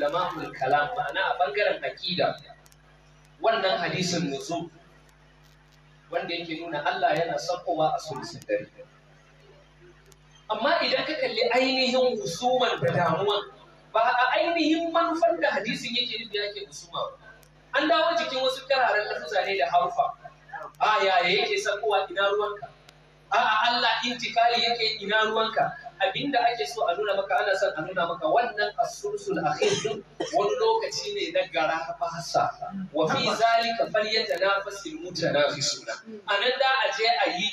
ulama'ul kalam ma'ana a bangaren aqida wannan hadisin nuzu wanda yake nuna Allah yana sakowa a sulusun dare amma idan ka kalli ainihin husuman da damuwa ba a ainihin manufar da hadisin yake nufi yake husuma an dawo jikin wasu kararan lafuza ne da harfa a yaya yake sakowa ina ruwanka a'a Allah intikali yake ina ruwanka abinda ake so a nuna maka ana son a nuna maka wannan asulsul akhir din wani lokaci ne na gara bahasa wa fi zalika falyatanafasil mutanafisuna anan da a je a yi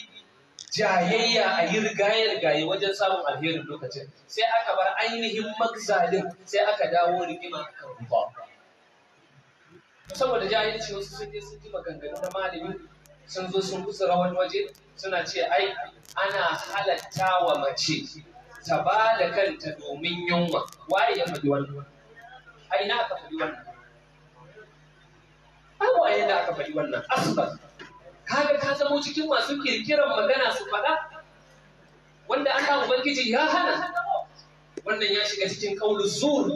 jayayya a yi rigayar gaye wajen samun alherin lokacin sai aka bar ainihin magzalin sai aka dawo rigima a ruwa saboda jahilci wasu sun je sun ji maganganu na malami sun zo sun kusa rawan waje suna ce ai ana halatta wa mace ta ba da kanta domin yunwa waye ya faɗi wannan Ai na ka faɗi wannan an waye na ka faɗi wannan asbar kaga ka zamo cikin masu kirkiran magana su faɗa wanda an Allah ubangiji ya hana wannan ya shiga cikin kaulu zur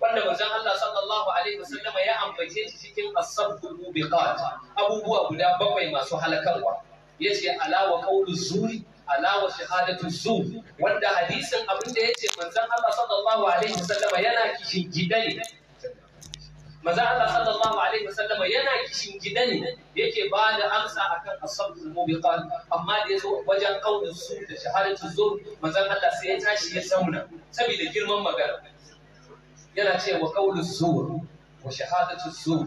wanda wajen Allah sallallahu alaihi wasallama ya ambace shi cikin asabbu mubiqat abubuwa guda bakwai masu halakarwa yace alawa kaulu zuri alawa shahadatu zuri wanda hadisin abin da ya ce manzon Allah sallallahu alaihi wasallama yana kishin gida ne, manzon Allah sallallahu alaihi wasallama yana kishin gida ne, yake ba da amsa akan asabul mubiqat amma da yazo wajen kaulin su da shahadatu zo manzon Allah sai ya tashi ya sauna saboda girman magana yana ce wa kaulin su wa shahadatu zur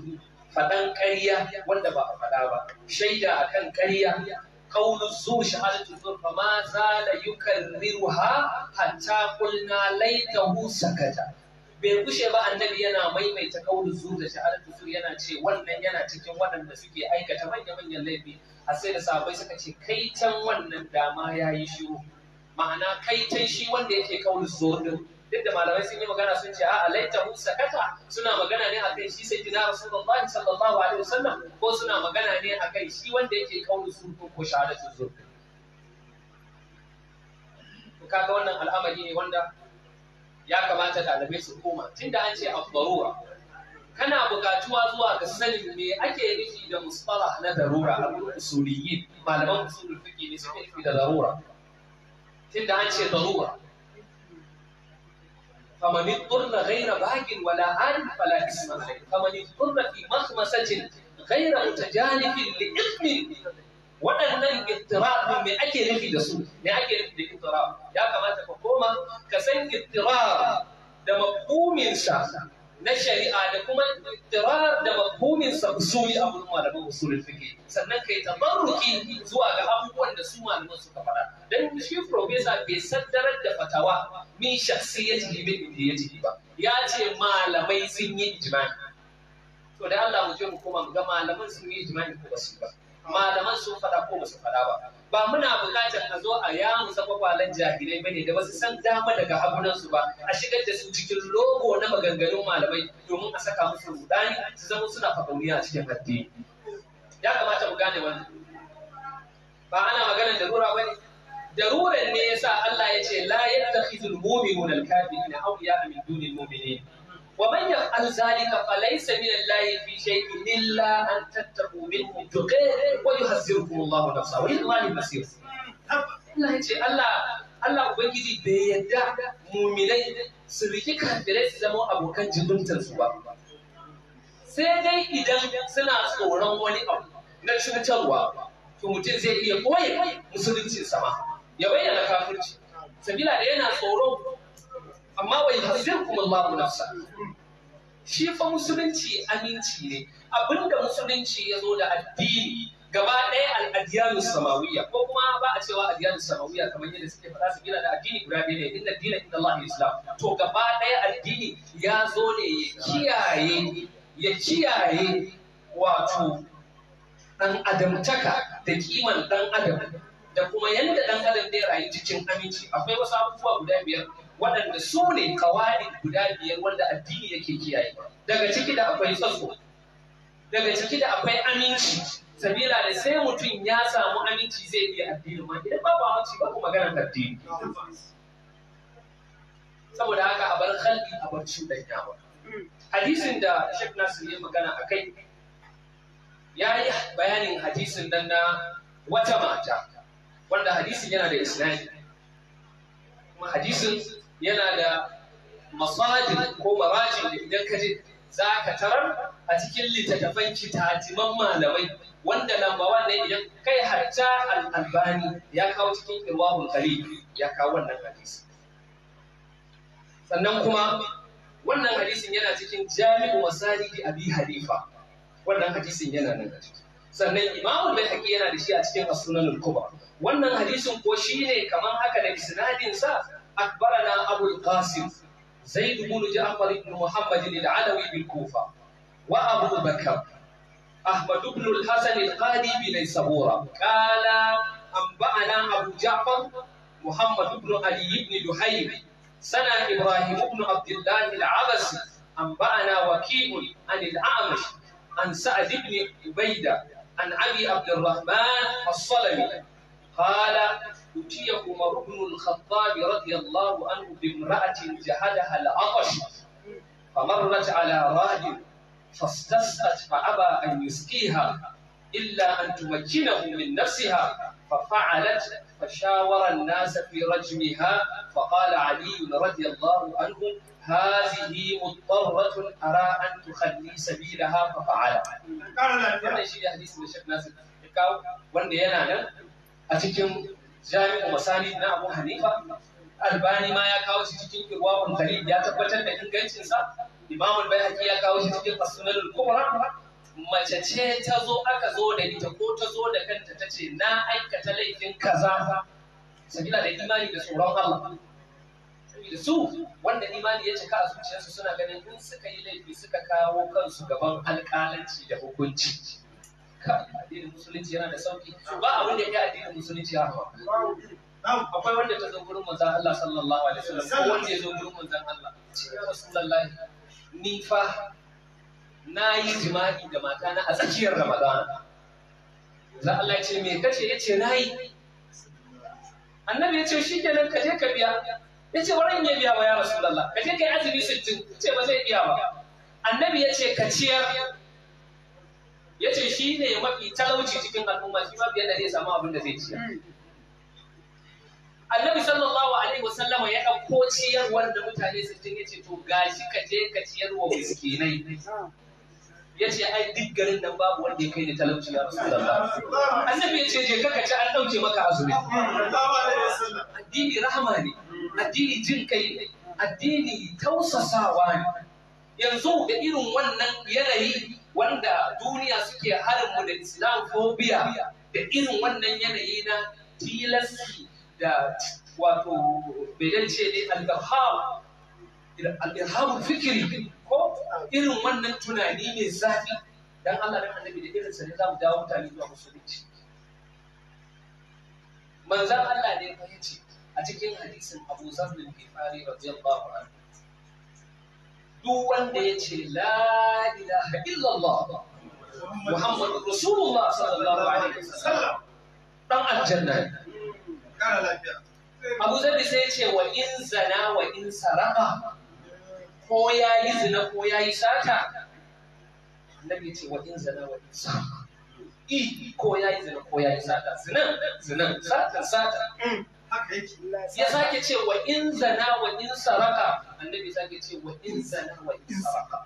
faɗan ƙarya wanda ba a faɗa ba shaida akan ƙarya قول الزور شهادة da فما زال hatta حتى laita hu sakata bai gushe ba annabi yana maimaita kaulin zur da shahadatu zur yana ce wannan yana cikin waɗanda suke aikata manya-manyan laifi a sai da sabai suka ce kaitan wannan dama ya yi shiru ma'ana kaitan shi wanda yake kaulu zur din duk da malamai sun yi magana sun ce a'a mu sakata suna magana ne akan shi sai sayyidina rasulullahi sallallahu alaihi wasallam ko suna magana ne akan shi wanda yake kauli su ko shahadatu to kaga wannan al'amari ne wanda ya kamata ɗalibai su koma tunda an ce abbaruwa kana buƙatuwa zuwa ga sanin me ake nufi da musfala na darura a wurin usuliyyin malaman usulul fiqh ne suke nufi da darura tunda an ce darura فمن اضطر غير باق ولا عاد فلا اثم عليه فمن اضطر في مخمسه غير متجانف لاثم waɗannan ittirabin me ake nufi da su me ake nufi da ittirab ya kamata ka koma ka san ittirab da makuminsa na shari'a da kuma ittirab da sa usuli abun malaman usulul fiqh sannan kai tabarruki zuwa ga abubuwan da su malaman suka faɗa dan shi professor bai saddarar da fatawa min shakhsiyati min idiyati ba ya ce malamai sun yi ijma'i to da Allah mu je mu koma mu ga malaman sun yi ijma'i ko ba su ba malaman sun faɗa ko ba su faɗa ba ba muna buƙatar a zo a ya musa kwakwalen jahilai bane da wasu san dama daga hagunansu ba a shigar da su cikin logo na maganganun malamai domin a saka musu rudani su zama suna fakauniya a cikin addini ya kamata mu gane wannan ba ana maganar rura bane daruran ne yasa Allah ya ce la yattakhidul mu'minuna al-kafirina awliya min dunil mu'minin wa man yaf'al zalika falaysa min Allahi fi shay'in illa an tattaqu minhu tuqay wa yuhazzirukum Allahu nafsa wa illa lil masir Allah ce Allah Allah ubangiji bai yadda muminai su riki kafirai zama abokan jibintar su ba sai dai idan suna tsoron wani abu na cutarwa to mutum zai iya koye musulunci sama ya bayyana kafirci sabila da yana tsoron amma wai ma mu nafsa shi fa musulunci aminci ne abinda musulunci yazo zo da addini gaba ɗaya al'adiyanu samawiya ko kuma ba a cewa adiyanu samawiya kamar yadda suke faɗa su gina da addini guda ɗaya ne inna dina inna Allah islam to gaba ɗaya addini ya zo ne ya kiyaye ya kiyaye wato ɗan adamtaka da kiman ɗan adam da kuma yadda ɗan adam zai rayu cikin aminci akwai wasu abubuwa guda biyar waɗanda su ne kawai guda biyar wanda addini yake kiyaye daga ciki da akwai tsaso daga ciki da akwai aminci sabila da sai mutum ya samu aminci zai iya addini ma idan ba ba mace ba ku maganar addini saboda haka a bar khalqi a bar cuɗanya ba hadisin da Sheikh Nasir ya magana a kai ya yi bayanin hadisin nan na wata mata wanda hadisin yana da isnadi kuma hadisin yana da masajin ko marajin da idan ka je za ka tarar a cikin littattafan kitatiman malamai wanda lambawa ne idan kai hatta al'albani ya kawo cikin irwahun kari ya kawo wannan hadisi sannan kuma wannan hadisin yana cikin jami'u da abi halifa wannan hadisin yana nan a ciki sannan imamu bai haƙi yana da shi a cikin as-sunan wannan hadisin ko shi ne kamar haka da isnadin sa أخبرنا أبو القاسم زيد بن جعفر بن محمد العلوي بالكوفة وأبو بكر أحمد بن الحسن القاضي بنيسابورة قال أنبأنا أبو جعفر محمد بن علي بن لحيم سنة إبراهيم بن عبد الله العبسي أنبأنا وكيع عن الأعمش عن سعد بن عبيدة عن أبي عبد الرحمن الصلبي قال أتي عمر بن الخطاب رضي الله عنه بامرأة جهلها العطش فمرت على راج فاستسقت فأبى أن يسقيها إلا أن تمكنه من نفسها ففعلت فشاور الناس في رجمها فقال علي رضي الله عنه هذه مضطرة أرى أن تخلي سبيلها ففعلت. قال لا ne hadisin da Sheikh ناس ya kawo wanda yana jami'u masani na abu hanifa albani ma ya kawo shi cikin irwaqul khalil ya tabbatar da ingancinsa imamu bai ya kawo shi cikin as kubra mace ce ta zo aka zo da ita ko ta zo da kanta ta ce na aikata laifin kaza sabila da imani da tsoron Allah saboda su wanda imani ya cika a zuciyarsu suna ganin in suka yi laifi suka kawo kansu gaban alƙalanci da hukunci addinin musulunci yana da sauki ba abin da ya addinin musulunci haka akwai wanda ta zo gurin manzon Allah sallallahu alaihi wasallam ko wanda ya zo gurin manzon Allah ce ya rasulullahi ni fa na yi jima'i da mata na a tsakiyar Ramadana za Allah ya ce me kace yace ce na yi annabi ya ce shi kenan ka je ka biya ya ce waran ya biya ba ya rasulullah ka je ka yi azumi sittin ce ba zai biya ba annabi ya ce ka ciyar ya ce shi ne mafi talauci cikin al'umma shi mafi yadda zai samu abin da zai ci hmm. annabi sallallahu alaihi wasallam ya ɗauko ciyarwar da mutane su ji yace to gashi ka je ka ciyarwa wa miskinai ya ce ai duk garin nan babu wanda ya kai ni talauci ya Rasulullah. annabi ya ce je ka ci an ɗauke maka azumi addini rahama ne addini jin kai addini tausasawa ne yanzu da irin wannan yanayi wanda duniya suke harinmu da islamophobia da irin wannan yanayi na tilasi da wato ce ne al ghaw fikiri ko irin wannan tunani ne zafi dan Allah dan annabi da irin ne zamu dawo mutane zuwa musulunci manzon Allah ne ya ce a cikin hadisin Abu Zar bin Ghifari radiyallahu anhu duk wanda ya ce la ilaha muhammad Muhammadu Rasulullah sallallahu alaihi wasallam aljanna Abu zai sai ce wa in zana wa in saraka ko ya yi zina ko ya yi sata Annabi ce wa in zana wa in saraka i ko ya yi zina ko ya yi sata zinan zinan sata sata mm. ya sake ce wa in zana wa in saraka annabi sake ce wa in zana wa in saraka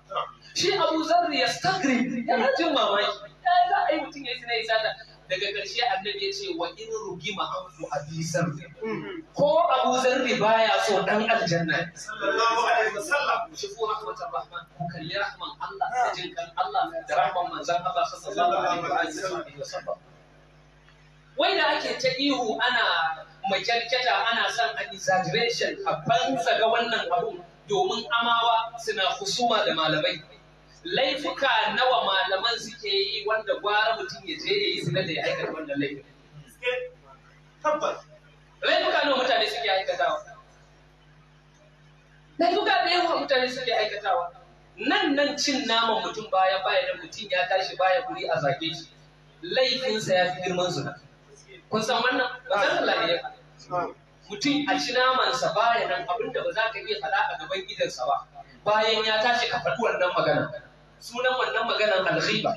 shi abu zarri ya stagri yana jin mamaki ya za a yi mutum ya zina ya sada daga ƙarshe annabi ya ce wa in rugi an fu abi zarri mm-hmm. ko abu zarri baya so dan aljanna sallallahu alaihi wasallam shi ko rahmatan rahman ku kalli rahman Allah da ah. jin kan Allah da rahman manzon Allah sallallahu alaihi wasallam wai da ake ta ihu ana mai kyarkyata ana son a exaggeration a fansa ga wannan abu domin amawa suna husuma da malamai laifuka nawa malaman suke yi wanda gwara mutum ya je ya yi sinar da ya aikata wannan laifin laifuka nawa mutane suke aikatawa laifuka da yawa mutane suke aikatawa nan nan cin naman mutum baya baya da mutum ya tashi baya guri a zage shi laifinsa ya fi girman suna kun san wannan ba zan Allah mutum a ci namansa baya nan abinda ba za ka iya faɗa a gaban gidansa ba bayan ya tashi ka faɗi wannan magana sunan wannan maganan alghiba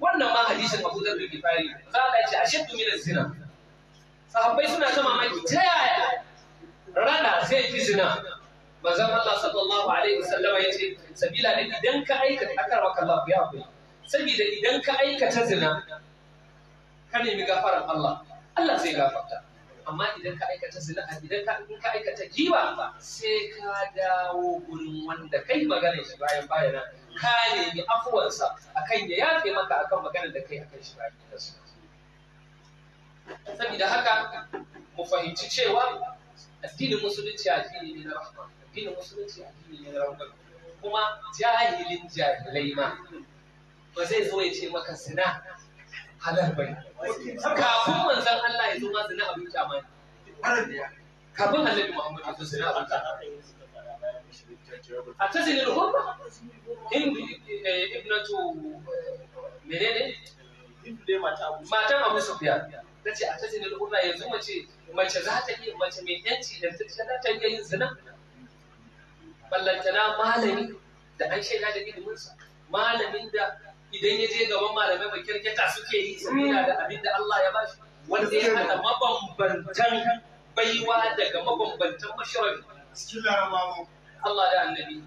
wannan ma hadisin Abu Dharr al-Ghifari za ka ce ashaddu min zina sahabbai suna ta mamaki ta yaya rana zai fi zina manzon Allah sallallahu alaihi wasallam ya ce sabila da idan ka aikata akarwaka Allah ya hakuri sabida idan ka aikata zina ka nemi gafaran Allah Allah zai gafarta amma idan ka aikata zina idan ka in ka aikata giba sai ka dawo gurin wanda kai magana shi bayan bayan ka nemi afuwarsa akan ya yafe maka akan magana da kai akan shi bayan saboda haka mu fahimci cewa addinin musulunci addini ne na rahama addinin musulunci addini ne na rahama kuma jahilin jahilai ma ba zai zo ya ce maka zina halal bai kafin manzon Allah ya zo ma zina abin kyama ne kafin annabi Muhammadu ya zo zina abin kyama a ta zinin hurma eh, ibnatu eh, menene matan abu sufiya ta ce a ta zinin hurma yanzu mace mace za ta iya mace mai yanci da ta za ta iya yin zina ballantana malami da an shaida da iliminsa malamin da idan ya je gaban malamai ba kirkita suke yi saboda mm. da abin da Allah ya ba shi wanda ya hada mabambantan baiwa daga mabambantan mashirar Allah da annabi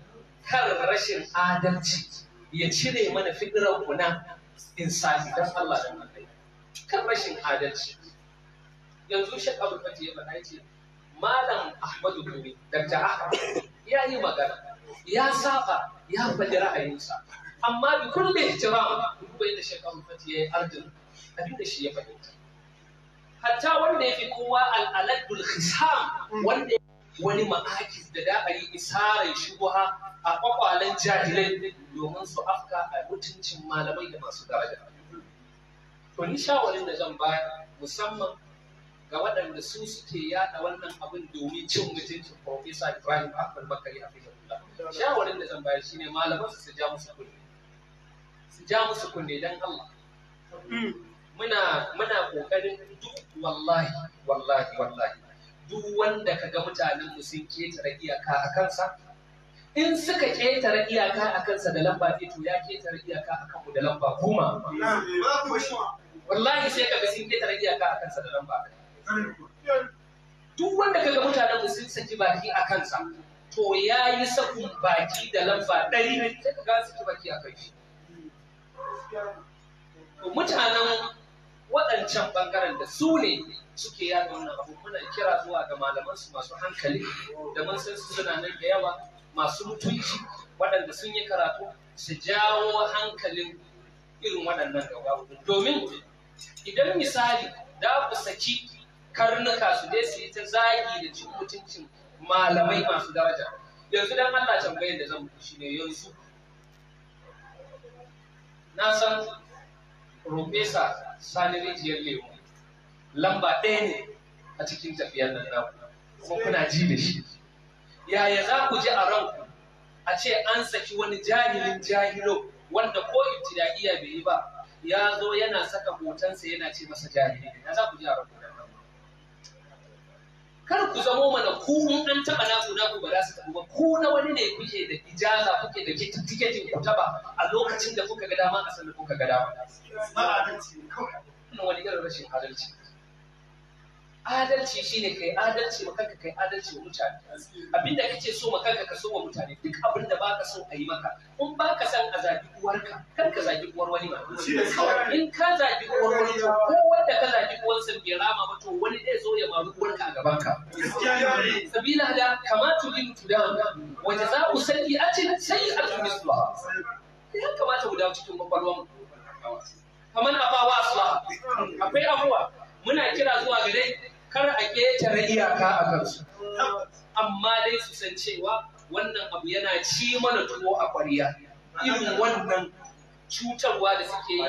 kar rashin adalci ya cire mana fikirar kuna insani don Allah da annabi kar rashin adalci yanzu shi abu ya faɗa ce malam Ahmadu Buri Dr. Ahmad ya yi magana ya saba ya faɗi ra'ayinsa amma bi kulle ihtiram da shi kan fati ya yi abin da shi ya fahimta hatta wanda ya fi kowa al'aladul khisam wanda wani ma'akis da da a yi isarar shubuha a kwakwalen jahilai domin su afka a mutuncin malamai da masu daraja to ni shawarin da zan bayar musamman ga waɗanda su suke yaɗa wannan abin domin cin mutuncin Profesa Ibrahim Ahmad Bakari a Shawarin da zan bayar shine malaman su ja musu kudi su ja musu kunne don Allah mm. muna muna kokarin duk wallahi wallahi wallahi duk wanda kaga mutanen mu sun ketare iyaka a kansa in suka ketare iyaka a kansa da lamba ɗaya to ya ketare iyaka a kanmu da lamba goma wallahi sai kaga sun ketare iyaka a kansa da lamba duk wanda kaga mutanen mu sun saki baki a kansa to ya yi sakun baki da lamba ɗari sai kaga saki baki a kai shi mutanen waɗancan ɓangaren da su ne suke yaɗa wannan abu muna kira zuwa ga malamansu masu hankali da mun san su suna nan da yawa masu mutunci waɗanda sun yi karatu su jawo hankalin irin waɗannan gaba domin idan misali da ku saki karnuka su dai su yi ta zagi da cin mutuncin malamai masu daraja yanzu dan Allah tambayar da zan muku shine yanzu na san Profesa Sani Rijiyar Lemu lamba ɗaya ne a cikin tafiyar nan naku kuma kuna ji da shi. Yaya za ku ji a ranku a ce an saki wani jahilin jahilo wanda ko ibtida'iya bai yi ba ya zo yana saka hotonsa yana ce masa jahili na za ku ji a ranku kar ku zamo mana ku mun an taba naku naku ba za su tabu ba ku na wani ne kuke da ijaza kuke da tiketin ku taba a lokacin da kuka ga dama a san kuka ga dama. Ma'adalci ne kawai. wani irin rashin adalci. adalci shine kai adalci ma kanka kai adalci wa mutane abinda kake so ma kanka ka so wa mutane duk abin da baka so a yi maka in baka san a zagi uwarka kar ka zagi uwar wani ba in ka zagi uwar wani to ko wanda ka zagi uwar san bai rama ba to wani zai zo ya maru uwarka a gaban ka sabila da kamatu lin tudan wa jaza'u sayyi'atin sayyi'atun misla ya kamata mu dawo cikin kwakwalwar kamar abawa asla akwai abuwa muna kira zuwa gare kar a ƙetare iyaka a kansu amma dai su san cewa wannan abu yana ci mana tuwo a ƙwariya irin wannan cutarwa da suke yi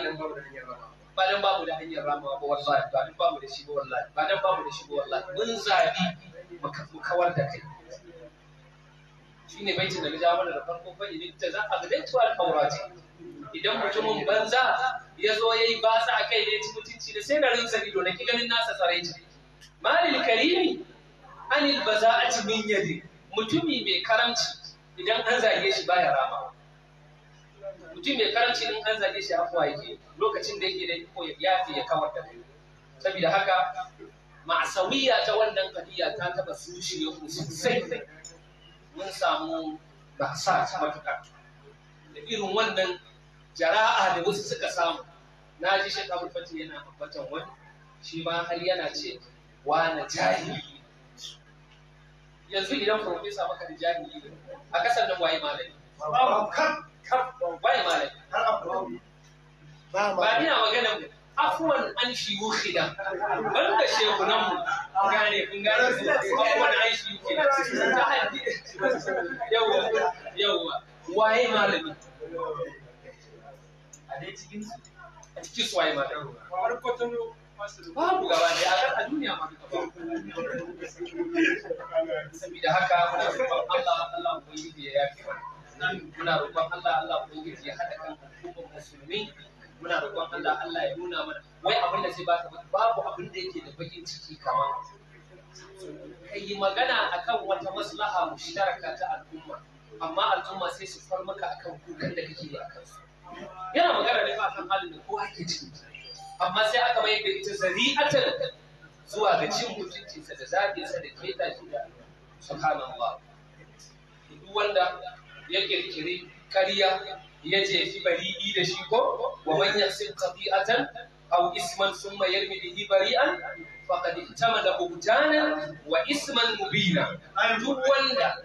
ba dan babu da hanyar ramawa ba wallahi ba dan babu da shi ba wallahi ba dan babu da shi ba wallahi mun zabi mu kawar da kai shine baitin da na ja mana da farko fa idan ta za a gadaitu alqawrati idan mutumin banza ya zo yayi ba sa kai ne ci mutunci da sai da rinsa ido na ki ganin nasa tsare mali karimi anil ci min yadi mutumi mai karamci idan an zage shi baya rama mutum mai karamci in an zage shi afuwa yake lokacin da yake da iko ya yafi ya kawar da kai saboda haka ma'asawiya ta wannan kadiya ta taba su shirye ku sosai mun samu ba sa ta matuƙa da irin wannan jara'a da wasu suka samu na ji shi kabul yana ambatan wani shi ma har yana ce wane jahili yanzu idan profesa maka da jahili a kasar nan waye malami waye malami ba ina magana afuwan an shi wuhida banda shekunan mu gane kun gane su afuwan an shi wuhida ta haddi yawa yawa waye malami a dai cikin su a cikin su waye malami babu gaba ne a a duniya ma duka ba saboda haka muna roƙon Allah Allah ubangiji ya yafe muna roƙon Allah Allah ubangiji ya hada kan hukumar musulmi muna roƙon Allah Allah ya nuna mana wai abin da zai baka babu abin da yake da bakin ciki kamar ka yi magana akan wata maslaha mushtaraka ta al'umma amma al'umma sai su far maka akan kukan da kake yi a kansu. yana magana ne ba kan halin da kowa ke ciki amma sai aka mai da ita zari'atan zuwa ga cin mutuncinsa da zaɓinsa da keta shi da subhanallah duk wanda ya kirkiri kariya ya jefi bari'i da shi ko wa man yasin qati'atan aw isman thumma yarmi bihi bari'an faqad ihtamala buhtana wa isman mubina duk wanda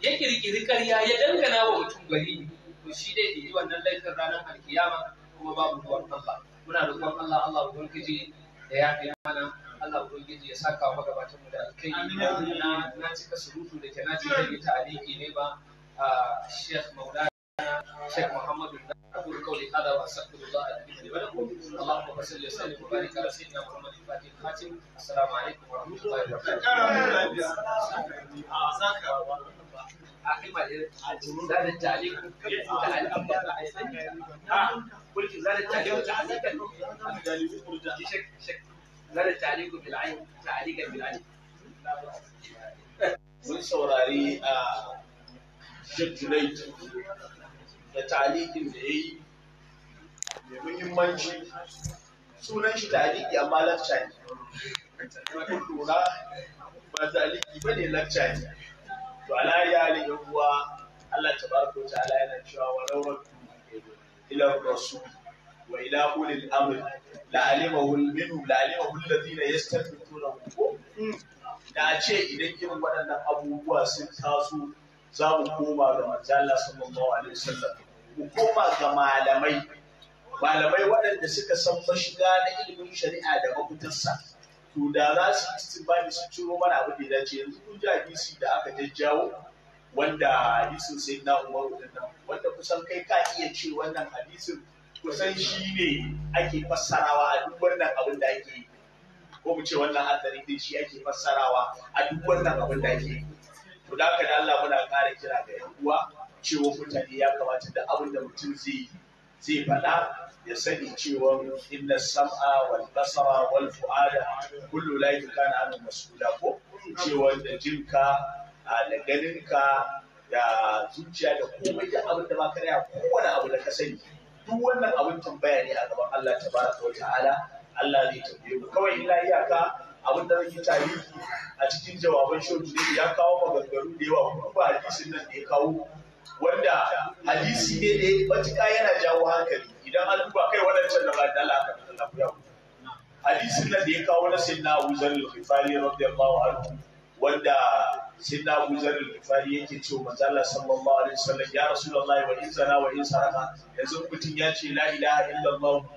ya kirkiri kariya ya dangana wa mutum bari'i to shi dai yi wannan laifin ranar alkiyama kuma babu ruwan Allah muna roƙon Allah Allah ubangiji da ya fi mana Allah ubangiji ya saka wa mu da alkai na na cika surutu da ke na cika da ta aliki ne ba Sheikh Maulana Sheikh Muhammadu أقول قولي هذا وأستغفر الله العظيم لي ولكم اللهم صل وسلم wa على سيدنا محمد الفاتح الخاتم السلام عليكم ورحمة الله وبركاته. da زاد التعليق تعليق قلت زاد تعليق زاد تعليق بالعين تعليقا mun saurari a shirkulait da talikin da ya yi mai muhimmanci sunan shi taliki amma lakca ne lura ba taliki ba ne lakca ne to ala ya halin yan Allah ta baraka ta ala yana cewa wa ila rasul wa ila ulil amr la'alimahu minhu la'alimahu alladhina yastanbituna da ce idan irin waɗannan abubuwa sun taso za mu koma ga manzo Allah sallallahu alaihi wasallam mu koma ga malamai malamai waɗanda suka san mashiga na ilimin shari'a da mabutarsa to da za su yi su ciro mana abin da ya dace yanzu kun ji hadisi da aka jajjawo wanda hadisin sai na umaru din nan wanda kusan kai ka iya ce wannan hadisin kusan shi ne ake fassarawa a duk wannan abin da ake yi ko mu ce wannan hatsarin din shi ake fassarawa a duk wannan abin da ake yi to da haka da Allah muna kara kira ga yan uwa cewa mutane ya kamata da abin da mutum zai zai faɗa ya sani cewa inna sam'a wal basara wal fu'ada kullu laika kana an mas'ula ko cewa da jinka da ka da zuciya da komai da abin da ba ka raya kowane abu da ka sani duk wannan abin tambaya ne a gaban Allah tabaraka wa ta'ala Allah zai tambaye mu kawai ina iyaka abin da nake tarihi a cikin jawaban shoji ne ya kawo maganganu da yawa kuma ba hadisin nan da ya kawo wanda hadisi ne da ya matuƙa yana jawo hankali idan an duba kai wadancan da ba da Allah aka fita lafiya hadisin nan da ya kawo na sinna Abu Zar al-Ghifari radiyallahu anhu wanda sai da Abu Zar al-Ghifari yake cewa manzo Allah sallallahu alaihi wasallam ya Rasulullahi wa in zana wa in saraka yanzu mutum ya ce la ilaha illallah